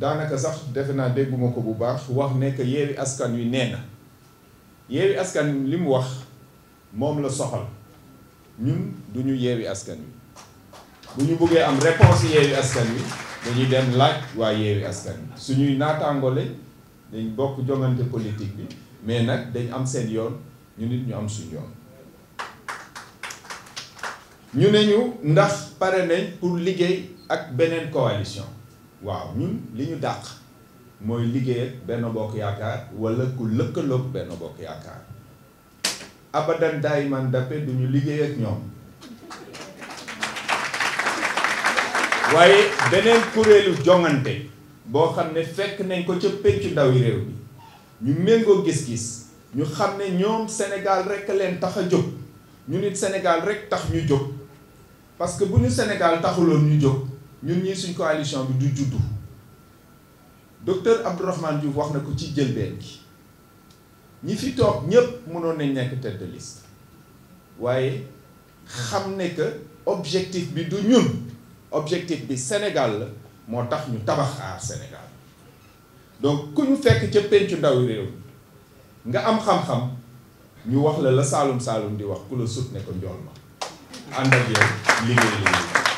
daanaka sax defe naa dégguma ko bu baax wax ne que yeewi askan wi nee na yeewi askan li mu wax moom la soxal ñun du ñu yeewi askan wi bu ñu bëggee am réponse yeewi askan wi dañuy dem laaj waa yeewi askan wi suñuy naataangoole dañ bokk jongante politique bi mais nag dañ am seen yoon ñu nit ñu am suñu yoon ñu ne ñu ndax pare nañ pour liggéey ak beneen coalition waaw ñun li ñu dàq mooy liggéey ak benn bokk yaakaar wala ku lëkkaloog benn bokk yaakaar abadan dayman dappe du ñu liggéey ak ñoom waaye beneen kuréelu jongante boo xam ne fekk nañ ko ca péncu ndawi réew bi ñu méngoo gis-gis ñu xam ne ñoom Sénégal rek leen tax a jóg ñu nit senegal rekk tax ñu jóg parce que bu ñu Sénégal taxuloon ñu jóg ñun ñii suñ coalition bi du juddu docteur Abdourahmane Diouf wax na ko ci jëlbeen gi ñi fi toog ñépp mënoon nañ nekk tête de liste waaye xam ne que objectif bi du ñun objectif bi Sénégal la moo tax ñu tabax aar Sénégal donc ku ñu fekk ca pencu ndaw réew nga am xam-xam ñu wax la la saalum saalum di wax ku la sut ne ko njool ma ànd ak yow liggéey liggéey